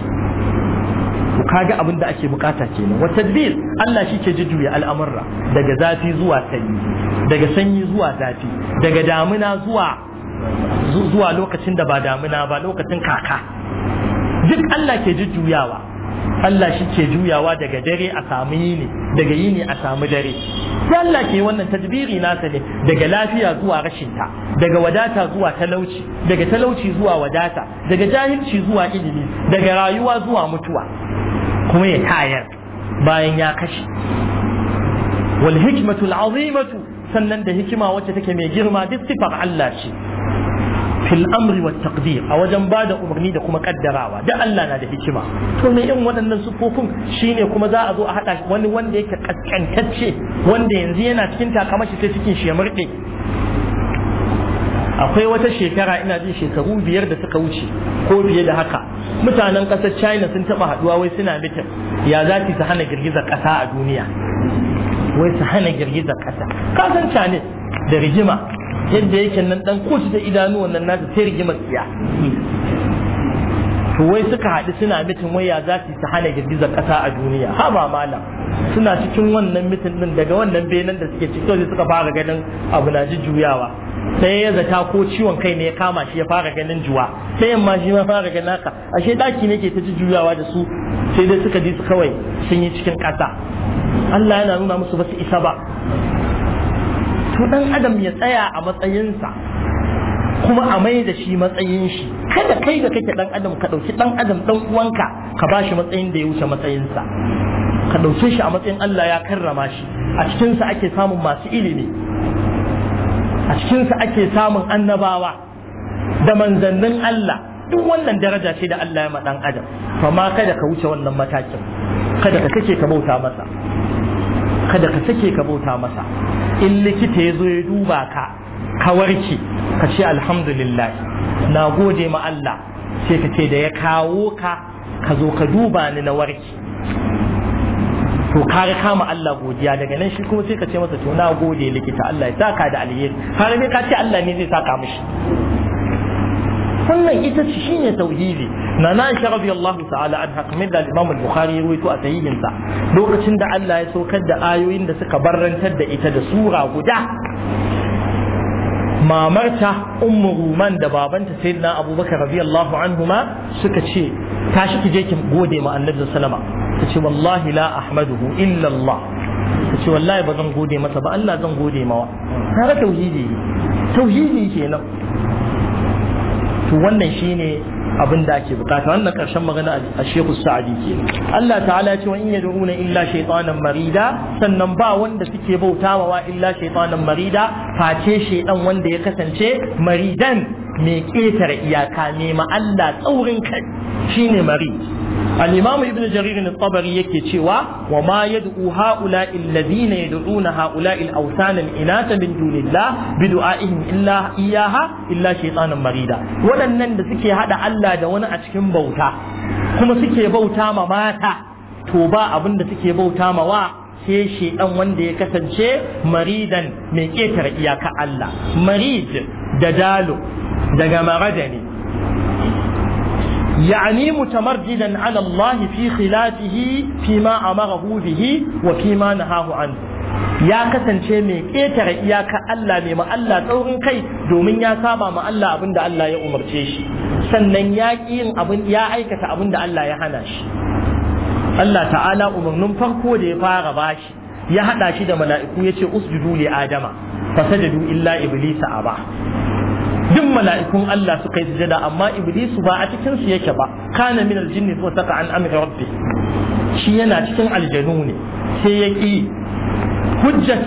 to kaga abin da ake bukata kenan wa tadbir Allah shi ke jujjuya al'amurra daga zafi zuwa sanyi daga sanyi zuwa zafi daga damina zuwa zuwa lokacin da ba damina ba lokacin kaka duk Allah ke jujjuyawa Allah shi ke juyawa daga dare a samu yini daga yini a samu dare Allah ke wannan tadbiri nasa ne daga lafiya zuwa rashin ta daga wadata zuwa talauci daga talauci zuwa wadata daga jahilci zuwa ilimi daga rayuwa zuwa mutuwa kuma ya tayar bayan ya kashe wal hikmatu al azimatu sannan da hikima wacce take mai girma duk sifar Allah ce fil amri wa taqdir a wajen ba da umarni da kuma kaddarawa da Allah na da hikima to irin waɗannan sufofin shine kuma za a zo a haɗa wani wanda yake kaskantacce wanda yanzu yana cikin takamashi sai cikin shi akwai wata shekara ina jin shekaru biyar da suka wuce ko fiye da haka mutanen ƙasar china sun taɓa haɗuwa wai suna mitin ya za su hana girgizar ƙasa a duniya wai su hana girgizar ƙasa kasan ne da rigima yadda yake nan dan kotu ta idanuwan nan nata sai rigimar tsiya to wai suka haɗu suna mitin waya za su ta hana girgizar ƙasa a duniya ha ba malam suna cikin wannan mitin din daga wannan benen da suke cikin sai suka fara ganin abu na ji juyawa. sai ya zata ko ciwon kai ne ya kama shi ya fara ganin juwa sai yamma shi ma fara ganin haka ashe daki ne ke ta ji juyawa da su sai dai suka ji su kawai sun yi cikin ƙasa Allah yana nuna musu ba su isa ba to dan adam ya tsaya a matsayinsa kuma a mai da shi matsayin shi kada kai da kake dan adam ka dauki dan adam dan uwanka ka ba shi matsayin da ya wuce matsayinsa ka dauke shi a matsayin Allah ya karrama shi a cikinsa ake samun masu ilimi a cikinsa ake samun annabawa da manzannin Allah duk wannan daraja ce da Allah ya ma dan adam amma kada ka wuce wannan matakin kada ka ka bauta masa kada ka sake ka bauta masa in likita ya zo ya duba ka ka warke ka ce alhamdulillah na gode ma Allah sai ka ce da ya kawo ka ka zo ka duba ni na warke to kare kama Allah godiya daga nan shi kuma sai ka ce masa to na gode likita Allah ya saka da alheri har ne ka ce Allah ne zai saka mishi Sannan ita ce shine tauhidi na na Aisha radiyallahu ta'ala anha kamar da Imam al-Bukhari ya rawaito a sahihin lokacin da Allah ya saukar da ayoyin da suka barrantar da ita da sura guda mamarta ummu ruman da babanta sayyidina abubakar radiyallahu anhuma suka ce tashi ki je ki gode ma annabi sallama ta ce wallahi la ahmaduhu illa Allah ta ce wallahi ba zan gode masa ba Allah zan gode mawa tare tauhidi tauhidi kenan to wannan shine abin da ake bukata wannan karshen magana a Sheikhu Sa'di ke Allah ta'ala ce wa in yad'una illa shaytanan marida sannan ba wanda suke bautawa wa illa shaytanan marida face shaydan wanda ya kasance maridan mai ketare iyaka ne ma Allah tsaurin kai shine marid al-imam ibn jarir al-tabari yake cewa wa yad'u haula alladhina yad'una haula al inata min dunillah bi du'a'ihim illa iyaha marida waɗannan da suke haɗa Allah da wani a cikin bauta kuma suke bauta ma mata to ba abin da suke bauta ma wa sai wanda ya kasance maridan mai ƙetare iyaka Allah marid da dalo daga marada ne يعني متمردا على الله في خلافه فيما أمره به وفيما نهاه عنه ya kasance mai ƙetare iyaka Allah mai ma'alla tsaurin kai domin ya saba ma Allah abin Allah ya umarce shi sannan ya yin abin ya aikata abin da Allah ya hana shi Allah ta'ala umarnin farko da ya fara bashi ya haɗa shi da mala'iku ya ce usjudu li adama fasajadu illa iblisa aba duk mala'ikun Allah suka yi sujada amma iblisu ba a cikin su yake ba kana min jini fa saka an amri rabbi shi yana cikin aljanu ne sai ya ki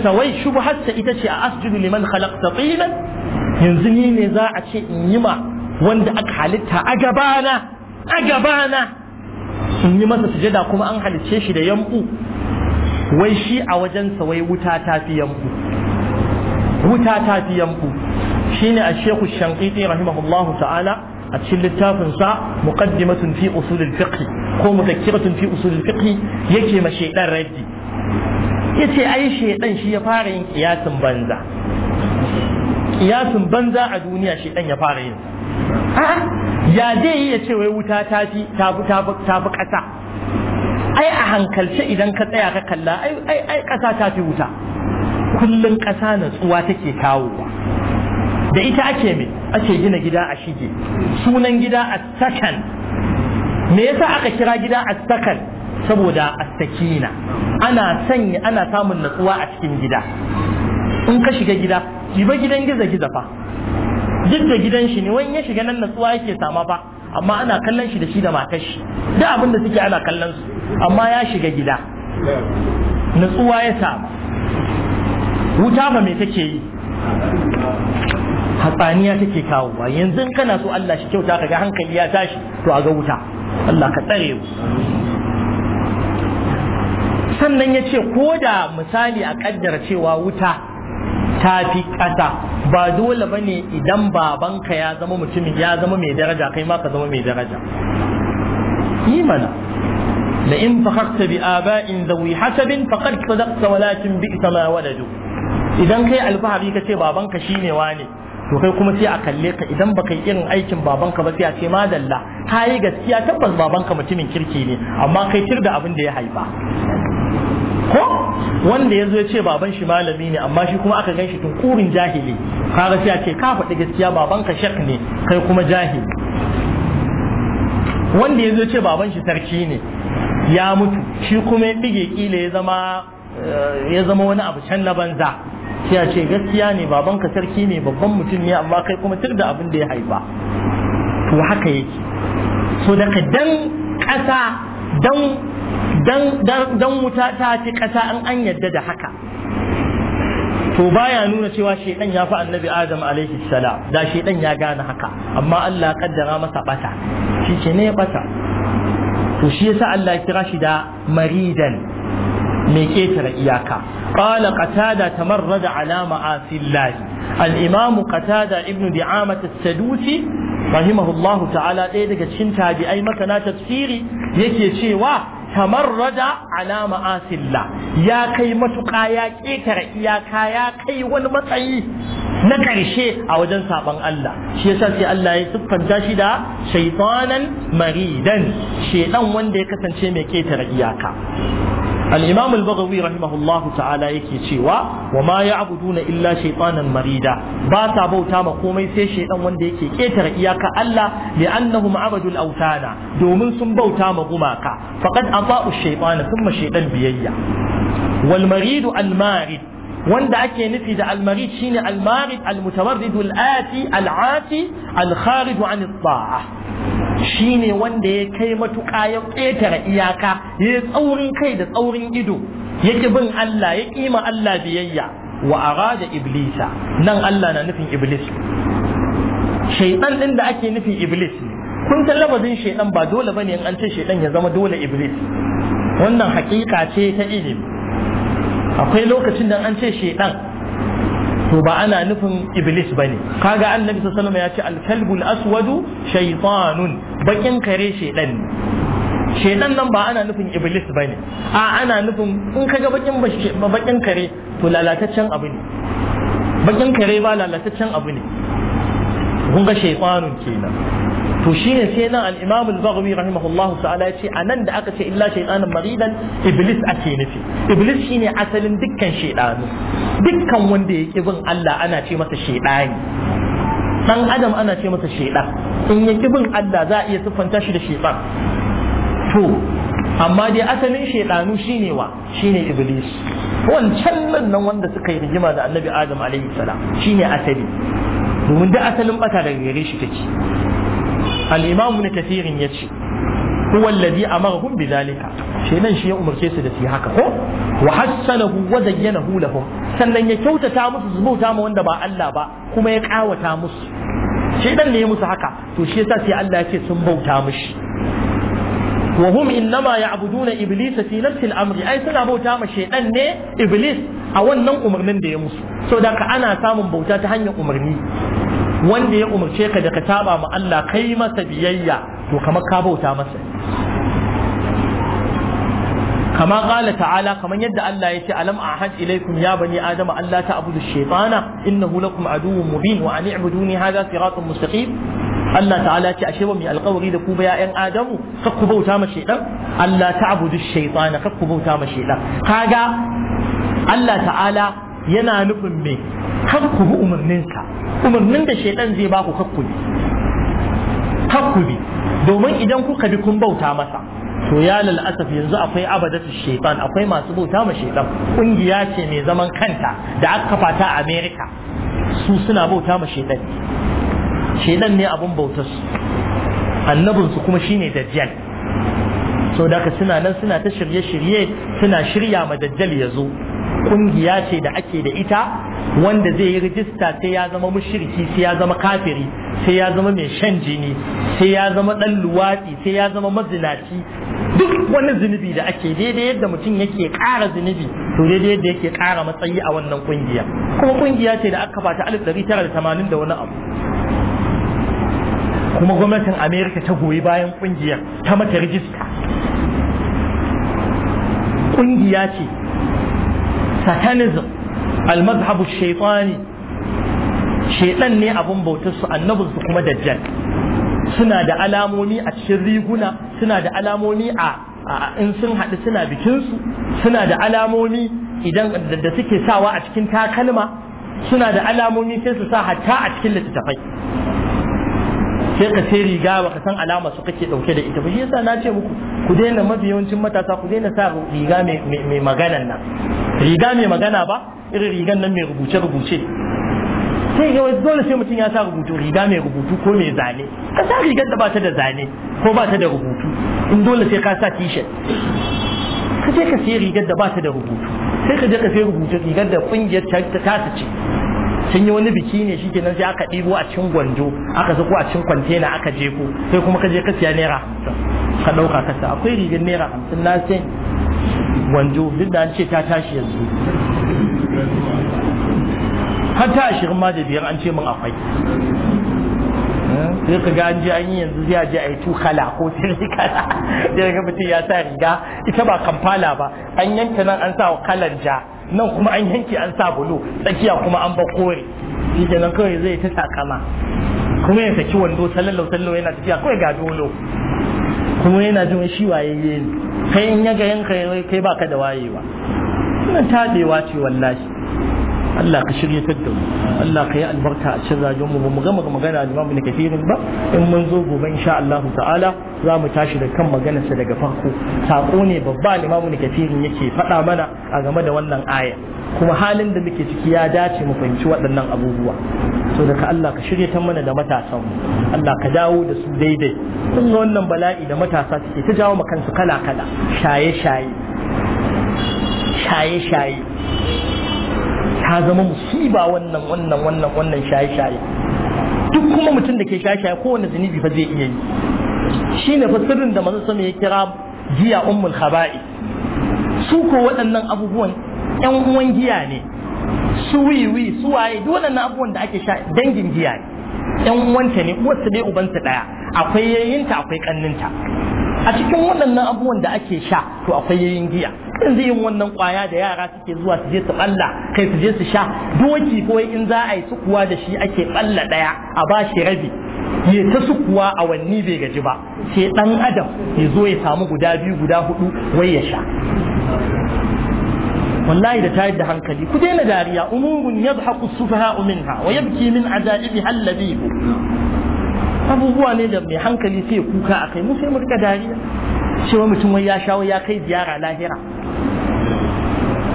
sa wai shubharsa ita ce a asjudu liman khalaqta tinan yanzu ni ne za a ce in yi ma wanda aka halitta a gabana a gabana in yi masa sujada kuma an halicce shi da yambu wai shi a wajensa wai wuta ta fi yambu wuta ta fi yambu shine a shekhu shanqiti rahimahullahu ta'ala a cikin littafin sa muqaddimatun fi usul al-fiqh ko mudakkiratun fi usul al yake ma shaydan raddi yace ai shaydan shi ya fara yin kiyasin banza kiyasin banza a duniya shaydan ya fara yin ya dai ya ce wai wuta ta fi ta fi ai a hankalce idan ka tsaya ka kalla ai ai kasa ta fi wuta kullun ƙasa natsuwa take kawowa da ita ake me ake gina gida a shige sunan gida a sakan me yasa aka kira gida a sakan saboda as-sakina ana sanya ana samun natsuwa a cikin gida in ka shiga gida ba gidan giza giza fa duk da gidan shi ne wani ya shiga nan natsuwa yake sama fa amma ana kallon shi da shi da matar shi duk abin da suke ana kallon su amma ya shiga gida natsuwa ya sama wuta ba me take yi hatsaniya take kawowa yanzu kana so Allah shi kyauta kaga hankali ya tashi to a ga wuta Allah ka tsare mu sannan ya ce ko da misali a kaddara cewa wuta ta fi ƙasa ba dole ba ne idan babanka ya zama mutumin ya zama mai daraja kai ma ka zama mai daraja yi mana in fakarta bi aba'in zawi hasabin faqad sadaqta walakin bi'sa ma waladu idan kai alfahari kace babanka shine wane to kai kuma sai a kalle ka idan baka yi irin aikin babanka ba sai a ce madalla ka yi gaskiya tabbas babanka mutumin kirki ne amma kai tir da abin da ya haifa ko wanda ya zo ya ce baban shi malami ne amma shi kuma aka ganshi shi kurin jahili kaga sai a ce ka faɗi gaskiya babanka shak ne kai kuma jahili wanda ya zo ce baban shi sarki ne ya mutu shi kuma ya ɗige kila ya zama eh, ya zama wani abu can na banza sai ce gaskiya ne babanka sarki ne babban mutum ne amma kai kuma tur da abin da ya haifa to haka yake so daga dan ƙasa dan dan wuta ta ce ƙasa an an yadda da haka to baya nuna cewa shedan ya fi annabi adam alaihi salam da shedan ya gane haka amma Allah kaddara masa bata shi ce ne ya bata to shi yasa Allah ya kira shi da maridan mai ketare iyaka قال قتادة تمرد على معاصي الله الإمام قتادة ابن دعامة السدوسي رحمه الله تعالى إذا كنت بأي مكان تفسيري يكي شيوا تمرد على معاصي الله يا كي متقا يا كيكر يا كايا كي والمطعي na ƙarshe a wajen saɓan Allah shi yasa sai Allah ya siffanta shi da shaitanan maridan shaitan wanda ya kasance mai ketare iyaka al-imam al-baghawi rahimahullahu ta'ala yake cewa wa ma ya'buduna illa shaytanan marida ba ta bauta ma komai sai shaydan wanda yake ketare iyaka Allah li'annahum abadul awtana domin sun bauta ma gumaka faqad ata'u shaytana thumma shaydan biyayya wal maridu al-marid wanda ake nufi da almarid shine almarid almutawarrid alati alati alkharij an at-ta'a Shi ne wanda ya kai matuƙa ya ƙetare iyaka ya yi tsaurin kai da tsaurin ido Yaƙi bin Allah ya ƙima Allah biyayya wa da iblisa nan Allah na nufin iblis shaitan ɗin da ake nufin iblis kun san lafazin shaitan ba dole bane in an ce shaitan ya zama dole iblis wannan hakika ce ta ilimi akwai lokacin da an ce shaitan to ba ana nufin iblis ba ne kaga annabi sallallahu ya ce alkalbul aswadu shaytanun bakin kare shedan shedan nan ba ana nufin iblis ba ne a ana nufin in kaga bakin bakin kare to lalataccen abu ne bakin kare ba lalataccen abu ne kun ga shaytanun kenan to shine sai nan al-Imam al-Baghawi rahimahullahu ta'ala yace anan da aka ce illa shaytanan maridan iblis ake nufi iblis shine asalin dukkan shaydanu dukkan wanda yake bin Allah ana ce masa shaydani dan adam ana ce masa shaydan in yake bin Allah za a iya siffanta shi da shaydan to amma dai asalin shaydanu shine wa shine iblis wancan nan wanda suka yi rigima da annabi adam alaihi salam shine asali domin duk asalin bata daga gare shi take al-imam ibn kathir yace huwa alladhi amarahum bidhalika shi nan shi ya umarce su da su haka ko wa hassanahu wa zayyanahu lahum sannan ya kyautata musu su bauta ma wanda ba Allah ba kuma ya kawata musu shi dan ne ya musu haka to shi yasa sai Allah yake sun bauta mishi wa hum innama ya'buduna iblisa fi nafsi al-amri ai suna bauta ma shaydan ne iblis a wannan umarnin da ya musu so da ka ana samun bauta ta hanyar umarni wanda ya umarce ka da ka taba ma Allah kai masa biyayya to kamar ka bauta masa kama qala ta'ala kamar yadda Allah ya ce alam ahad ilaikum ya bani adama Allah ta'budu shaytana innahu lakum aduwwun mubin wa an i'buduni hadha siratun mustaqim Allah ta'ala ce ashe ba mai alƙawari da ku ba ya'yan Adamu kakku bauta ma shaytan Allah ta'budu shaytana kar bauta ma shaytan kaga Allah ta'ala yana nufin me har ku bi umarninsa umarnin da shaidan zai ba ku kakku bi bi domin idan kuka bi kun bauta masa to ya lalasaf yanzu akwai abadatu shaitan akwai masu bauta ma shaitan kungiya ce mai zaman kanta da aka kafa ta America su suna bauta ma shaitan shaitan ne abun bautar su annabin kuma shine dajjal so da suna nan suna ta shirye-shirye suna shirya ma dajjal ya zo kungiya ce da ake da ita wanda zai yi rijista sai ya zama mushriki sai ya zama kafiri sai ya zama mai shan jini sai ya zama dan luwatsi sai ya zama mazinaci duk wani zunubi da ake daidai yadda mutum yake ƙara zunubi to daidai yadda yake ƙara matsayi a wannan kungiya kuma kungiya ce da aka bata alif ɗari tara da tamanin da wani abu kuma gwamnatin amerika ta goyi bayan kungiyar ta mata rijista kungiya ce satanism almazhabu shaitani shaitan ne abin bautarsu su kuma dajjal suna da alamomi a cikin riguna suna da alamomi a in sun hadu suna bikinsu suna da alamomi idan da suke sawa a cikin takalma suna da alamomi sai su sa hatta a cikin littattafai sai ka sai riga ba ka san alama su kake dauke da ita ba shi yasa na ce muku ku daina mafi yawancin matasa ku daina sa riga mai maganan nan riga mai magana ba irin rigan nan mai rubuce rubuce sai yawa dole sai mutum ya sa rubutu riga mai rubutu ko mai zane ka sa rigar da ba ta da zane ko ba ta da rubutu in dole sai ka sa t-shirt ka je ka sai rigar da ba ta da rubutu sai ka je ka sai rubutu rigar da kungiyar ta ta ce sun yi wani biki ne shi kenan sai aka ɗibo a cikin gwanjo aka sako a cikin kwantena aka je ko sai kuma ka je ka siya naira ka ɗauka ka sa akwai rigar naira hamsin na sai gwanjo duk da an ce ta tashi yanzu har ta ashirin ma da biyar an ce min akwai sai ka ga an je an yi yanzu zai je a yi tukala ko tirikala ya ga mutum ya sa riga ita ba kamfala ba an yanka nan an sa wa kalan ja nan kuma an yanke an sa bulu tsakiya kuma an bar kore shi kenan kawai zai ta takama kuma ya saki wando sallallahu sallallahu yana tafiya kawai ga dolo kuma yana jin shi waye ne kai in yaga yanka kai baka da wayewa wannan tabewa ce wallahi Allah ka shiryatar da mu Allah ka yi albarka a cikin rayuwar mu mu gama magana da Imam Kafirin ba in mun zo gobe insha Allah ta'ala za mu tashi da kan maganarsa daga farko sako ne babba da Imam Kafirin yake faɗa mana a game da wannan aya kuma halin da muke ciki ya dace mu fahimci waɗannan abubuwa so daga Allah ka shiryatar mana da matasan mu Allah ka dawo da su daidai kun ga wannan bala'i da matasa suke ta jawo ma kansu kala kala shaye shaye shaye shaye ta zama musiba wannan wannan wannan wannan shaye-shaye duk kuma mutum da ke shaye-shaye kowane zunubi fa zai iya yi shi ne fa da masu sama ya kira giya ummul khaba'i su ko waɗannan abubuwan ƴan uwan giya ne su wiwi su waye duk waɗannan abubuwan da ake sha dangin giya ne ƴan uwanta ne uwarsa dai ubansa ɗaya akwai yayinta akwai ƙanninta a cikin waɗannan abubuwan da ake sha to akwai yayin giya in zai yin wannan kwaya da yara suke zuwa su je su balla kai su je su sha doki ko in za a yi sukuwa da shi ake balla ɗaya a ba shi rabi ya ta sukuwa awanni bai gaji ba sai ɗan adam ya zo ya samu guda biyu guda hudu wai ya sha wallahi da tayar da hankali ku daina dariya umurun yadhaku sufaha'u minha wa yabki min aja'ibiha alladhi abubuwa ne da mai hankali sai kuka a kai mu sai mu rika dariya cewa mutum wai ya shawo ya kai ziyara lahira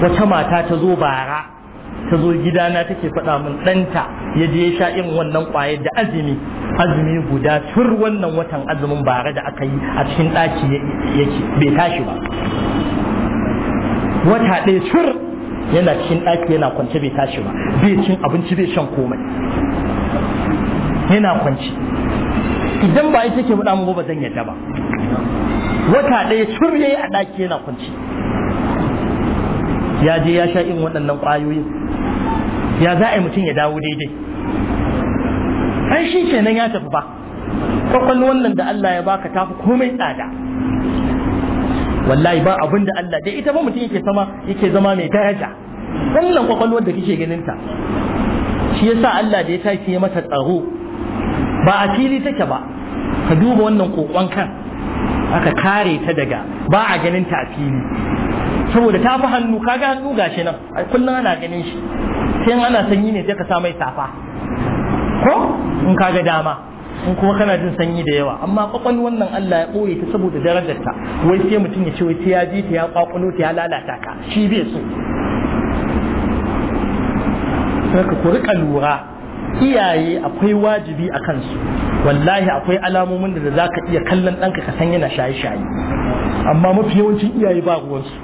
wata mata ta zo bara ta zo gidana take faɗa min ɗanta ya je ya sha irin wannan ƙwayar da azumi azumi guda tur wannan watan azumin bara da aka yi a cikin ɗaki yake bai tashi ba wata ɗaya tur yana cikin ɗaki yana kwance bai tashi ba bai cin abinci bai shan komai yana kwance idan ba ita ke faɗa mugu ba zan yadda ba wata ɗaya cur yayi a ɗaki yana kwanci ya je ya sha in waɗannan ƙwayoyin ya za a yi mutum ya dawo daidai An shi kenan ya tafi ba kwakwalwan wannan da Allah ya baka tafi komai tsada wallahi ba abin da Allah dai ita ba mutum yake sama yake zama mai daraja wannan kwakwalwar da kike ganin ta shi yasa Allah da ya tafi mata tsaro ba a fili take ba ka duba wannan kokon kan aka kare ta daga ba a ganin ta a fili saboda ta fi hannu ka ga hannu gashi nan kullum ana ganin shi sai ana sanyi ne sai ka sa mai safa ko in ka ga dama in kuma kana jin sanyi da yawa amma kwakwalwan nan Allah ya ɓoye ta saboda ta wai sai mutum ya ce wai ya ji ta ya kwakwalo ta ya lalata ka shi bai so sai ka ku rika lura iyaye akwai wajibi a kansu wallahi akwai alamomin da za ka iya kallon ɗanka ka san yana shaye-shaye amma mafi yawancin iyaye ba ruwansu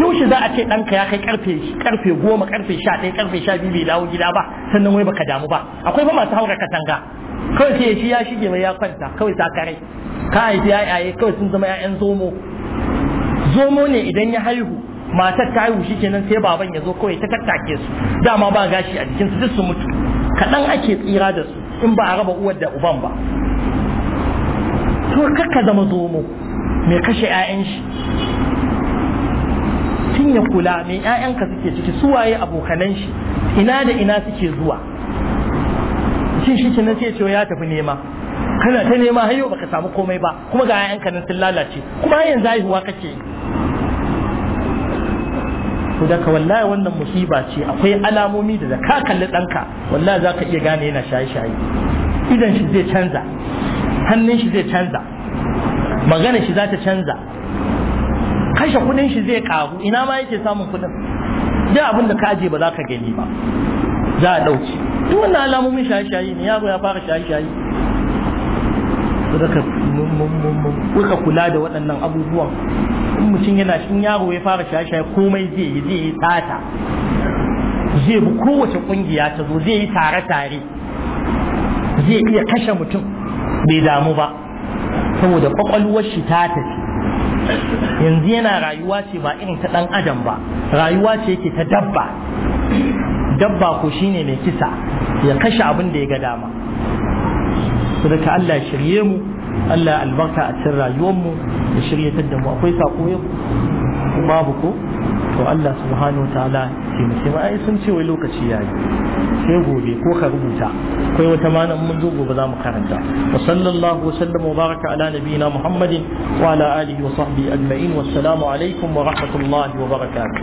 yaushe za a ce ɗanka ya kai karfe goma karfe sha ɗaya karfe sha biyu bai dawo gida ba sannan wai baka damu ba akwai ba masu haura katanga kawai sai shi ya shige mai ya kwanta kawai ta kare ka haifi yayaye kawai sun zama 'ya'yan zomo zomo ne idan ya haihu matar ta haihu shikenan sai baban ya zo kawai ta tattake su dama ba gashi a jikin su duk su mutu kaɗan ake tsira da su in ba a raba uwar da uban ba to kakka zama zomo mai kashe 'ya'yan shi tun ya kula mai 'ya'yanka suke ciki su waye abokanan shi ina da ina suke zuwa shin shi kenan sai ce ya tafi nema kana ta nema hayo baka samu komai ba kuma ga 'ya'yanka nan sun lalace kuma yanzu haihuwa kake yi to daga wallahi wannan musiba ce akwai alamomi da ka kalli danka wallahi za ka iya gane yana shaye-shaye idan shi zai canza hannun shi zai canza magana shi za ta canza kashe kudin shi zai karu ina ma yake samun kudin da abin da ka aje ba za ka gani ba za a ɗauki duk wannan alamomin shaye-shaye ne yaro ya fara shaye-shaye daga muka kula da waɗannan abubuwan in mutum yana cikin yaro ya fara shaye-shaye komai zai yi zai yi tsata zai bi kowace ƙungiya ta zo zai yi tare-tare zai iya kashe mutum bai damu ba saboda kwakwalwar shi ta tafi yanzu yana rayuwa ce ba irin ta ɗan adam ba rayuwa ce yake ta dabba dabba ko shine mai kisa ya kashe abin da ya ga dama sadaka Allah shirye mu Allah albarka a rayuwar rayuwarmu da shiryatar da mu akwai sako yau babu ko to Allah subhanahu wa ta'ala ce mu ce ai sun ce wai lokaci yayi sai gobe ko ka rubuta akwai wata mana mun zo gobe za mu karanta wa sallallahu wa sallama wa baraka ala nabiyina muhammadin wa ala alihi wa sahbihi ajma'in wassalamu alaikum wa rahmatullahi wa barakatuh